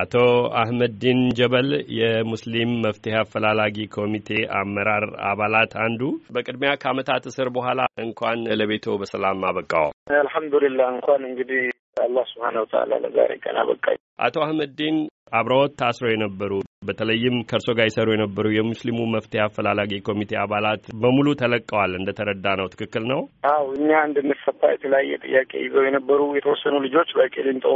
አቶ አህመድዲን ጀበል የሙስሊም መፍትሄ አፈላላጊ ኮሚቴ አመራር አባላት አንዱ፣ በቅድሚያ ከዓመታት እስር በኋላ እንኳን ለቤቶ በሰላም አበቃው። አልሐምዱሊላህ እንኳን እንግዲህ አላህ ስብሐነ ወተዓላ ለዛሬ ቀን አበቃኝ። አቶ አህመድዲን አብረዎት ታስሮ የነበሩ በተለይም ከእርሶ ጋር ይሰሩ የነበሩ የሙስሊሙ መፍትሄ አፈላላጊ ኮሚቴ አባላት በሙሉ ተለቀዋል። እንደተረዳ ነው ትክክል ነው? አዎ እኛ እንድንፈታ የተለያየ ጥያቄ ይዘው የነበሩ የተወሰኑ ልጆች በቂሊንጦ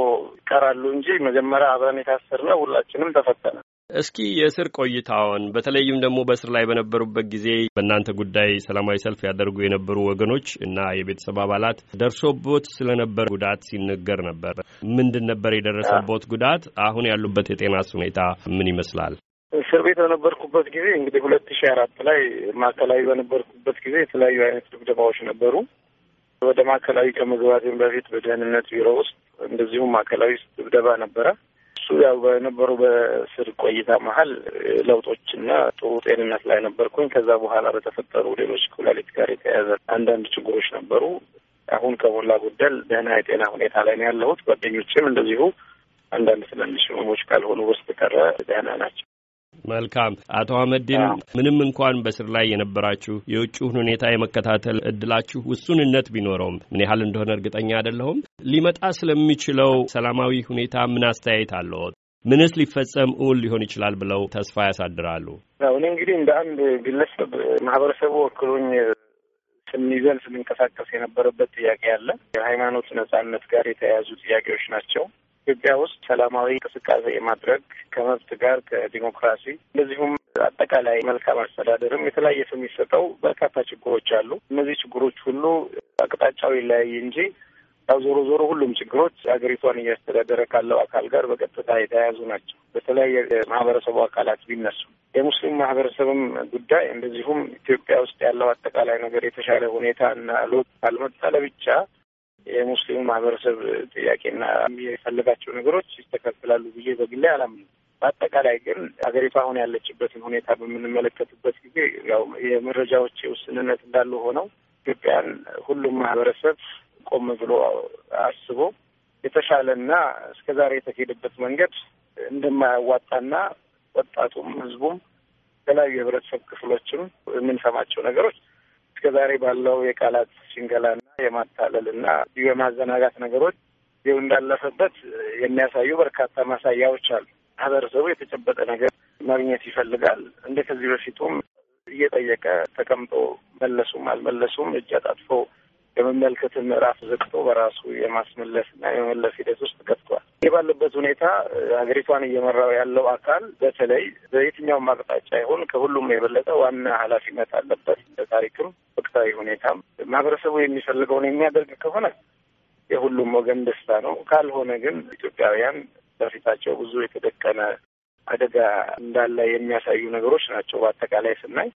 ይቀራሉ እንጂ መጀመሪያ አብረን የታሰርነው ሁላችንም ተፈተነ። እስኪ የእስር ቆይታውን በተለይም ደግሞ በእስር ላይ በነበሩበት ጊዜ በእናንተ ጉዳይ ሰላማዊ ሰልፍ ያደርጉ የነበሩ ወገኖች እና የቤተሰብ አባላት ደርሶቦት ስለነበር ጉዳት ሲነገር ነበር። ምንድን ነበር የደረሰቦት ጉዳት? አሁን ያሉበት የጤናስ ሁኔታ ምን ይመስላል? እስር ቤት በነበርኩበት ጊዜ እንግዲህ ሁለት ሺ አራት ላይ ማዕከላዊ በነበርኩበት ጊዜ የተለያዩ አይነት ድብደባዎች ነበሩ። ወደ ማዕከላዊ ከመግባቴም በፊት በደህንነት ቢሮ ውስጥ እንደዚሁም ማዕከላዊ ውስጥ ድብደባ ነበረ። እሱ ያው በነበሩ በስር ቆይታ መሀል ለውጦችና ጥሩ ጤንነት ላይ ነበርኩኝ። ከዛ በኋላ በተፈጠሩ ሌሎች ኩላሊት ጋር የተያያዘ አንዳንድ ችግሮች ነበሩ። አሁን ከሞላ ጎደል ደህና የጤና ሁኔታ ላይ ነው ያለሁት። ጓደኞችም እንደዚሁ አንዳንድ ትናንሽ ህመሞች ካልሆኑ በስተቀር ደህና ናቸው። መልካም አቶ አህመዲን፣ ምንም እንኳን በስር ላይ የነበራችሁ የውጭውን ሁኔታ የመከታተል እድላችሁ ውሱንነት ቢኖረውም ምን ያህል እንደሆነ እርግጠኛ አይደለሁም። ሊመጣ ስለሚችለው ሰላማዊ ሁኔታ ምን አስተያየት አለዎት? ምንስ ሊፈጸም እውን ሊሆን ይችላል ብለው ተስፋ ያሳድራሉ? እኔ እንግዲህ እንደ አንድ ግለሰብ ማህበረሰቡ ወክሎኝ ስንይዘን ስንንቀሳቀስ የነበረበት ጥያቄ አለ። የሃይማኖት ነጻነት ጋር የተያያዙ ጥያቄዎች ናቸው። ኢትዮጵያ ውስጥ ሰላማዊ እንቅስቃሴ የማድረግ ከመብት ጋር ከዲሞክራሲ እንደዚሁም አጠቃላይ መልካም አስተዳደርም የተለያየ ስም የሚሰጠው በርካታ ችግሮች አሉ። እነዚህ ችግሮች ሁሉ አቅጣጫው ይለያይ እንጂ ያው ዞሮ ዞሮ ሁሉም ችግሮች ሀገሪቷን እያስተዳደረ ካለው አካል ጋር በቀጥታ የተያያዙ ናቸው። በተለያየ ማህበረሰቡ አካላት ቢነሱ የሙስሊም ማህበረሰብም ጉዳይ እንደዚሁም ኢትዮጵያ ውስጥ ያለው አጠቃላይ ነገር የተሻለ ሁኔታ እና ለውጥ ካልመጣ ለብቻ የሙስሊሙ ማህበረሰብ ጥያቄና የፈለጋቸው ነገሮች ይስተካከላሉ ብዬ በግሌ አላምንም። በአጠቃላይ ግን ሀገሪቷ አሁን ያለችበትን ሁኔታ በምንመለከትበት ጊዜ ያው የመረጃዎች የውስንነት እንዳሉ ሆነው ኢትዮጵያን ሁሉም ማህበረሰብ ቆም ብሎ አስቦ የተሻለና እስከዛሬ የተሄደበት መንገድ እንደማያዋጣና ወጣቱም ህዝቡም የተለያዩ የህብረተሰብ ክፍሎችም የምንሰማቸው ነገሮች እስከ ዛሬ ባለው የቃላት ሽንገላና የማታለልና የማዘናጋት ነገሮች ይኸው እንዳለፈበት የሚያሳዩ በርካታ ማሳያዎች አሉ። ማህበረሰቡ የተጨበጠ ነገር ማግኘት ይፈልጋል። እንደ ከዚህ በፊቱም እየጠየቀ ተቀምጦ መለሱም አልመለሱም እጅ አጣጥፎ የመመልከት ምዕራፍ ዘግቶ በራሱ የማስመለስና የመመለስ ሂደት ውስጥ ገብቷል። ይህ ባለበት ሁኔታ ሀገሪቷን እየመራው ያለው አካል በተለይ በየትኛውም አቅጣጫ ይሁን ከሁሉም የበለጠ ዋና ኃላፊነት አለበት። በታሪክም ወቅታዊ ሁኔታም ማህበረሰቡ የሚፈልገውን የሚያደርግ ከሆነ የሁሉም ወገን ደስታ ነው። ካልሆነ ግን ኢትዮጵያውያን በፊታቸው ብዙ የተደቀነ አደጋ እንዳለ የሚያሳዩ ነገሮች ናቸው። በአጠቃላይ ስናይ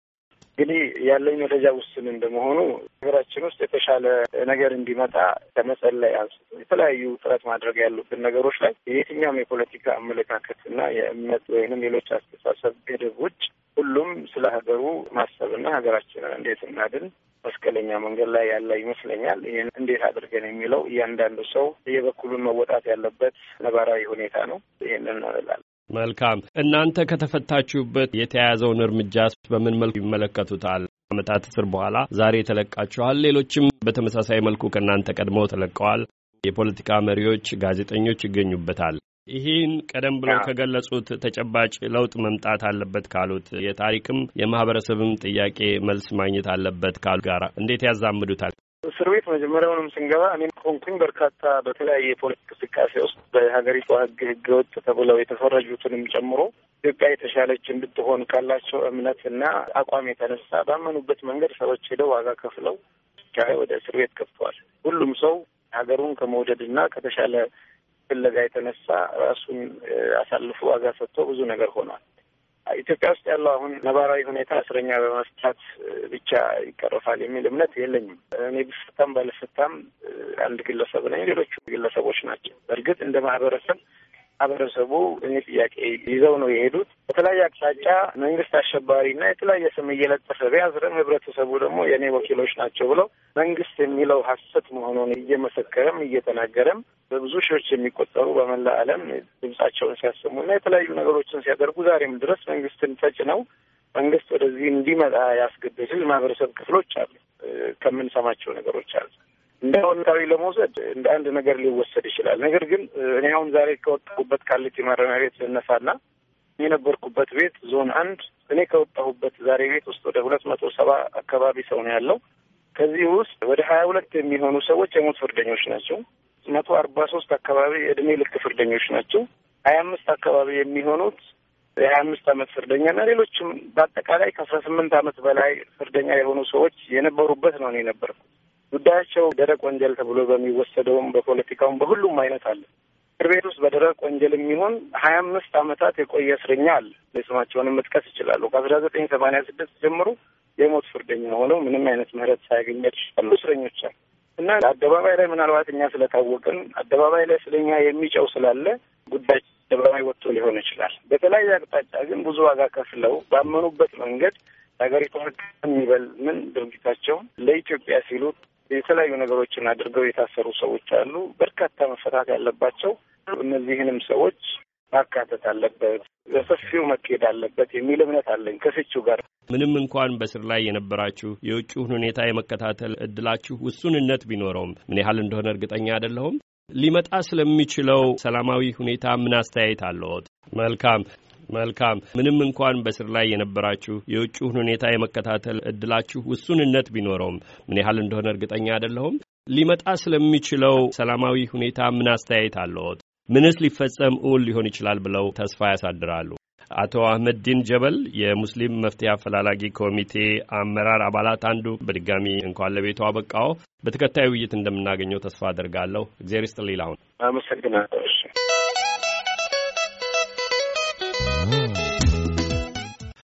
እንግዲህ ያለኝ መረጃ ውስን እንደመሆኑ ሀገራችን ውስጥ የተሻለ ነገር እንዲመጣ ከመጸለይ አንስቶ የተለያዩ ጥረት ማድረግ ያሉብን ነገሮች ላይ የትኛውም የፖለቲካ አመለካከት እና የእምነት ወይንም ሌሎች አስተሳሰብ ገደብ ውጭ ሁሉም ስለ ሀገሩ ማሰብና ሀገራችንን እንዴት እናድን መስቀለኛ መንገድ ላይ ያለ ይመስለኛል። ይህን እንዴት አድርገን የሚለው እያንዳንዱ ሰው የበኩሉን መወጣት ያለበት ነባራዊ ሁኔታ ነው። ይህንን እንላለን። መልካም። እናንተ ከተፈታችሁበት የተያያዘውን እርምጃ በምን መልኩ ይመለከቱታል? ዓመታት እስር በኋላ ዛሬ ተለቃችኋል። ሌሎችም በተመሳሳይ መልኩ ከእናንተ ቀድመው ተለቀዋል። የፖለቲካ መሪዎች፣ ጋዜጠኞች ይገኙበታል። ይህን ቀደም ብለው ከገለጹት ተጨባጭ ለውጥ መምጣት አለበት ካሉት የታሪክም የማህበረሰብም ጥያቄ መልስ ማግኘት አለበት ካሉት ጋር እንዴት ያዛምዱታል? እስር ቤት መጀመሪያውንም ስንገባ እኔም ሆንኩኝ በርካታ በተለያየ የፖለቲክ እንቅስቃሴ ውስጥ በሀገሪቱ ህግ ህገ ወጥ ተብለው የተፈረጁትንም ጨምሮ ኢትዮጵያ የተሻለች እንድትሆን ካላቸው እምነትና አቋም የተነሳ ባመኑበት መንገድ ሰዎች ሄደው ዋጋ ከፍለው ቻ ወደ እስር ቤት ገብተዋል። ሁሉም ሰው ሀገሩን ከመውደድና ከተሻለ ፍለጋ የተነሳ ራሱን አሳልፎ ዋጋ ሰጥቶ ብዙ ነገር ሆኗል። ኢትዮጵያ ውስጥ ያለው አሁን ነባራዊ ሁኔታ እስረኛ በመፍታት ብቻ ይቀረፋል የሚል እምነት የለኝም። እኔ ብፈታም ባልፈታም አንድ ግለሰብ ነኝ፣ ሌሎቹ ግለሰቦች ናቸው። በእርግጥ እንደ ማህበረሰብ ማህበረሰቡ እኔ ጥያቄ ይዘው ነው የሄዱት። በተለያየ አቅጣጫ መንግስት አሸባሪና የተለያየ ስም እየለጠፈ ቢያዝርም ህብረተሰቡ ደግሞ የእኔ ወኪሎች ናቸው ብለው መንግስት የሚለው ሀሰት መሆኑን እየመሰከረም እየተናገረም በብዙ ሺዎች የሚቆጠሩ በመላ ዓለም ድምጻቸውን ሲያሰሙና የተለያዩ ነገሮችን ሲያደርጉ ዛሬም ድረስ መንግስትን ተጭነው መንግስት ወደዚህ እንዲመጣ ያስገደድል ማህበረሰብ ክፍሎች አሉ ከምንሰማቸው ነገሮች አሉ። እንደ አዎንታዊ ለመውሰድ እንደ አንድ ነገር ሊወሰድ ይችላል። ነገር ግን እኔ አሁን ዛሬ ከወጣሁበት ካለች ማረሚያ ቤት ልነሳና የነበርኩበት ቤት ዞን አንድ እኔ ከወጣሁበት ዛሬ ቤት ውስጥ ወደ ሁለት መቶ ሰባ አካባቢ ሰው ነው ያለው። ከዚህ ውስጥ ወደ ሀያ ሁለት የሚሆኑ ሰዎች የሞት ፍርደኞች ናቸው። መቶ አርባ ሶስት አካባቢ የእድሜ ልክ ፍርደኞች ናቸው። ሀያ አምስት አካባቢ የሚሆኑት የሀያ አምስት አመት ፍርደኛና ሌሎችም በአጠቃላይ ከአስራ ስምንት አመት በላይ ፍርደኛ የሆኑ ሰዎች የነበሩበት ነው እኔ የነበርኩት። ጉዳያቸው ደረቅ ወንጀል ተብሎ በሚወሰደውም በፖለቲካውም በሁሉም አይነት አለ። እስር ቤት ውስጥ በደረቅ ወንጀል የሚሆን ሀያ አምስት ዓመታት የቆየ እስረኛ አለ። ስማቸውንም መጥቀስ ይችላሉ። ከአስራ ዘጠኝ ሰማንያ ስድስት ጀምሮ የሞት ፍርደኛ ሆነው ምንም አይነት ምህረት ሳያገኘ ሁሉ እስረኞች አሉ እና አደባባይ ላይ ምናልባት እኛ ስለታወቅን አደባባይ ላይ ስለኛ የሚጨው ስላለ ጉዳይ አደባባይ ወጥቶ ሊሆን ይችላል። በተለያየ አቅጣጫ ግን ብዙ ዋጋ ከፍለው ባመኑበት መንገድ ሀገሪቷ የሚበል ምን ድርጊታቸውን ለኢትዮጵያ ሲሉ የተለያዩ ነገሮችን አድርገው የታሰሩ ሰዎች አሉ። በርካታ መፈታት ያለባቸው እነዚህንም ሰዎች ማካተት አለበት፣ በሰፊው መካሄድ አለበት የሚል እምነት አለኝ። ከፍቺው ጋር ምንም እንኳን በስር ላይ የነበራችሁ የውጭውን ሁኔታ የመከታተል እድላችሁ ውሱንነት ቢኖረውም ምን ያህል እንደሆነ እርግጠኛ አይደለሁም። ሊመጣ ስለሚችለው ሰላማዊ ሁኔታ ምን አስተያየት አለዎት? መልካም መልካም። ምንም እንኳን በስር ላይ የነበራችሁ የውጭውን ሁኔታ የመከታተል እድላችሁ ውሱንነት ቢኖረውም ምን ያህል እንደሆነ እርግጠኛ አይደለሁም። ሊመጣ ስለሚችለው ሰላማዊ ሁኔታ ምን አስተያየት አለዎት? ምንስ ሊፈጸም እውን ሊሆን ይችላል ብለው ተስፋ ያሳድራሉ? አቶ አህመድ ዲን ጀበል የሙስሊም መፍትሄ አፈላላጊ ኮሚቴ አመራር አባላት አንዱ፣ በድጋሚ እንኳን ለቤቱ አበቃው። በተከታዩ ውይይት እንደምናገኘው ተስፋ አደርጋለሁ። እግዜር ይስጥልኝ። አሁን አመሰግናለሁ። Mm.